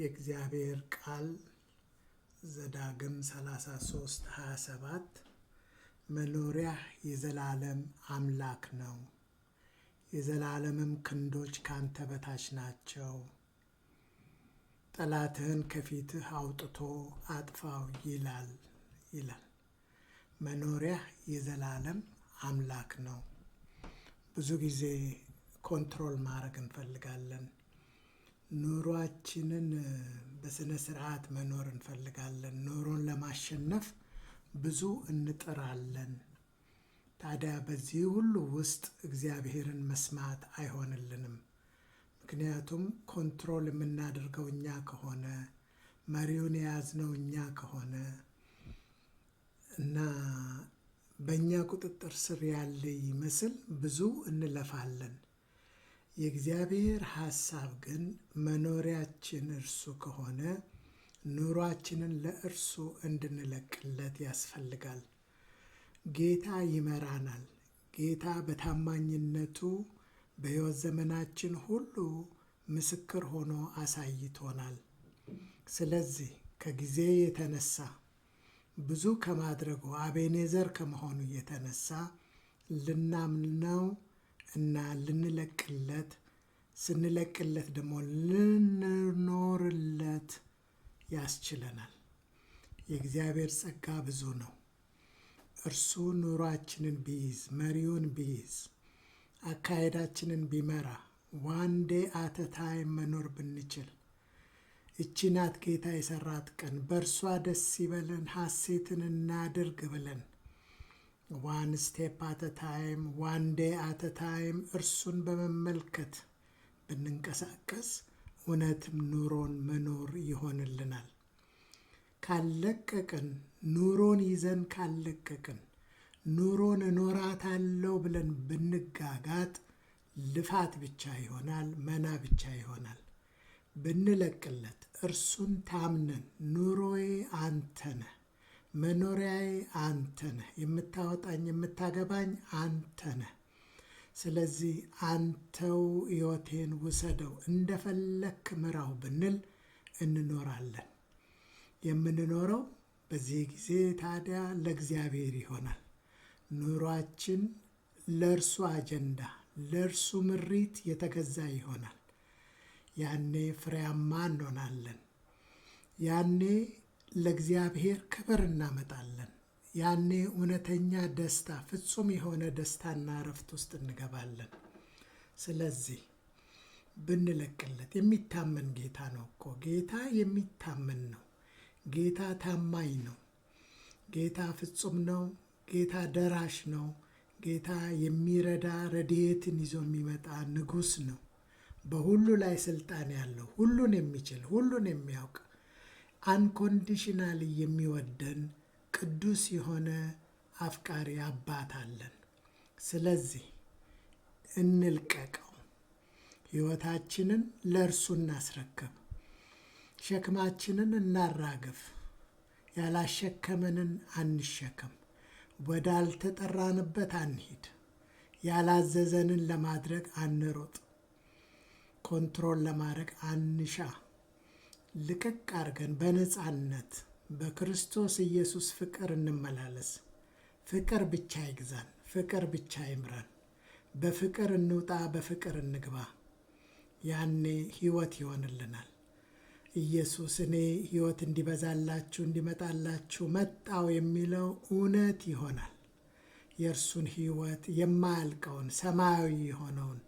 የእግዚአብሔር ቃል ዘዳግም 33 27 መኖሪያ የዘላለም አምላክ ነው፣ የዘላለምም ክንዶች ካንተ በታች ናቸው፣ ጠላትህን ከፊትህ አውጥቶ አጥፋው ይላል ይላል። መኖሪያ የዘላለም አምላክ ነው። ብዙ ጊዜ ኮንትሮል ማድረግ እንፈልጋለን። ኑሯችንን በስነ ስርዓት መኖር እንፈልጋለን። ኑሮን ለማሸነፍ ብዙ እንጥራለን። ታዲያ በዚህ ሁሉ ውስጥ እግዚአብሔርን መስማት አይሆንልንም። ምክንያቱም ኮንትሮል የምናደርገው እኛ ከሆነ መሪውን የያዝነው እኛ ከሆነ እና በእኛ ቁጥጥር ስር ያለ ይመስል ብዙ እንለፋለን። የእግዚአብሔር ሐሳብ ግን መኖሪያችን እርሱ ከሆነ ኑሯችንን ለእርሱ እንድንለቅለት ያስፈልጋል። ጌታ ይመራናል። ጌታ በታማኝነቱ በሕይወት ዘመናችን ሁሉ ምስክር ሆኖ አሳይቶናል። ስለዚህ ከጊዜ የተነሳ ብዙ ከማድረጉ አቤኔዘር ከመሆኑ የተነሳ ልናምነው እና ልንለቅለት ስንለቅለት ደግሞ ልንኖርለት ያስችለናል። የእግዚአብሔር ጸጋ ብዙ ነው። እርሱ ኑሯችንን ቢይዝ፣ መሪውን ቢይዝ፣ አካሄዳችንን ቢመራ፣ ዋንዴ አተታይ መኖር ብንችል፣ እቺ ናት ጌታ የሰራት ቀን፣ በእርሷ ደስ ይበለን፣ ሐሴትን እናድርግ ብለን ዋን ስቴፕ አተ ታይም ዋን ዴ አተ ታይም እርሱን በመመልከት ብንንቀሳቀስ እውነትም ኑሮን መኖር ይሆንልናል። ካለቀቅን ኑሮን ይዘን ካለቀቅን ኑሮን እኖራታለሁ ብለን ብንጋጋጥ ልፋት ብቻ ይሆናል፣ መና ብቻ ይሆናል። ብንለቅለት እርሱን ታምነን ኑሮዬ አንተ ነህ መኖሪያዬ አንተ ነህ፣ የምታወጣኝ የምታገባኝ አንተ ነህ። ስለዚህ አንተው ሕይወቴን ውሰደው እንደፈለክ ምራው ብንል እንኖራለን። የምንኖረው በዚህ ጊዜ ታዲያ ለእግዚአብሔር ይሆናል። ኑሯችን ለእርሱ አጀንዳ፣ ለእርሱ ምሪት የተገዛ ይሆናል። ያኔ ፍሬያማ እንሆናለን። ያኔ ለእግዚአብሔር ክብር እናመጣለን። ያኔ እውነተኛ ደስታ፣ ፍጹም የሆነ ደስታና እረፍት ውስጥ እንገባለን። ስለዚህ ብንለቅለት የሚታመን ጌታ ነው እኮ ጌታ የሚታመን ነው። ጌታ ታማኝ ነው። ጌታ ፍጹም ነው። ጌታ ደራሽ ነው። ጌታ የሚረዳ ረድኤትን ይዞ የሚመጣ ንጉሥ ነው። በሁሉ ላይ ስልጣን ያለው ሁሉን የሚችል ሁሉን የሚያውቅ አንኮንዲሽናል የሚወደን ቅዱስ የሆነ አፍቃሪ አባት አለን። ስለዚህ እንልቀቀው፣ ሕይወታችንን ለእርሱ እናስረክብ፣ ሸክማችንን እናራግፍ፣ ያላሸከመንን አንሸክም፣ ወዳልተጠራንበት አንሂድ፣ ያላዘዘንን ለማድረግ አንሮጥ፣ ኮንትሮል ለማድረግ አንሻ። ልቅቅ አድርገን በነፃነት በክርስቶስ ኢየሱስ ፍቅር እንመላለስ። ፍቅር ብቻ ይግዛን፣ ፍቅር ብቻ ይምራን። በፍቅር እንውጣ፣ በፍቅር እንግባ። ያኔ ህይወት ይሆንልናል። ኢየሱስ እኔ ህይወት እንዲበዛላችሁ እንዲመጣላችሁ መጣው የሚለው እውነት ይሆናል። የእርሱን ህይወት የማያልቀውን ሰማያዊ የሆነውን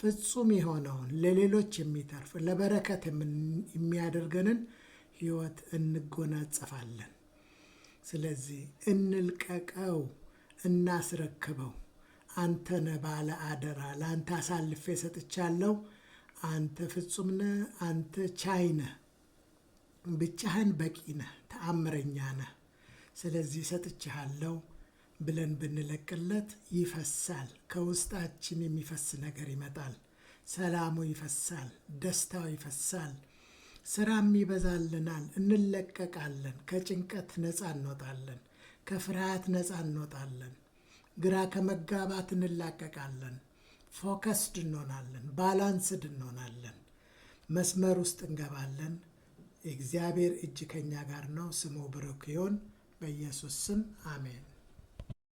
ፍጹም የሆነውን ለሌሎች የሚተርፍ ለበረከት የሚያደርገንን ህይወት እንጎናጸፋለን። ስለዚህ እንልቀቀው፣ እናስረክበው። አንተ ነ ባለ አደራ፣ ለአንተ አሳልፌ ሰጥቻለሁ። አንተ ፍጹም ነ አንተ ቻይ ነ ብቻህን በቂ ነ ተአምረኛ ነ ስለዚህ ሰጥቻለሁ። ብለን ብንለቅለት ይፈሳል። ከውስጣችን የሚፈስ ነገር ይመጣል። ሰላሙ ይፈሳል። ደስታው ይፈሳል። ስራም ይበዛልናል። እንለቀቃለን። ከጭንቀት ነፃ እንወጣለን። ከፍርሃት ነፃ እንወጣለን። ግራ ከመጋባት እንላቀቃለን። ፎከስድ እንሆናለን። ባላንስድ እንሆናለን። መስመር ውስጥ እንገባለን። እግዚአብሔር እጅ ከኛ ጋር ነው። ስሙ ብሩክ ይሁን። በኢየሱስ ስም አሜን።